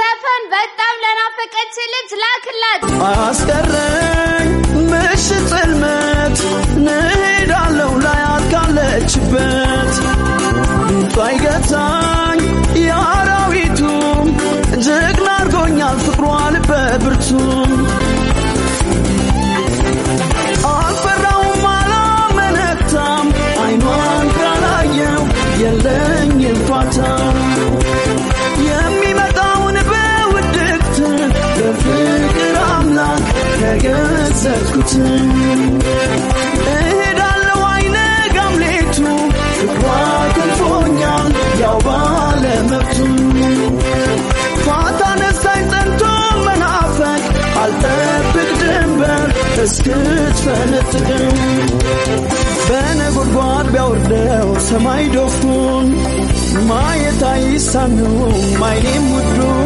ዘፈን በጣም ለናፈቀች ልጅ ላክላት። አስቀረኝ ምሽት ጽልመት ንሄዳለው ላይ ካለችበት ባይገታኝ የአራዊቱ ጀግና አርጎኛል ፍቅሯ ልበ ብርቱ ያዘዝኩት እሄዳለው አይነ ጋምሌቱ ፍቅሯ ከልፎኛል ያው ባለመብቱ ፋታ ነሳኝ ጸንቶ መናፈቅ አልጠብቅ ድንበር እስክትፈነጥቅም በነጎድጓድ ቢያወርደው ሰማይ ዶፉን ማየት አይሳነውም አይኔም ውዱን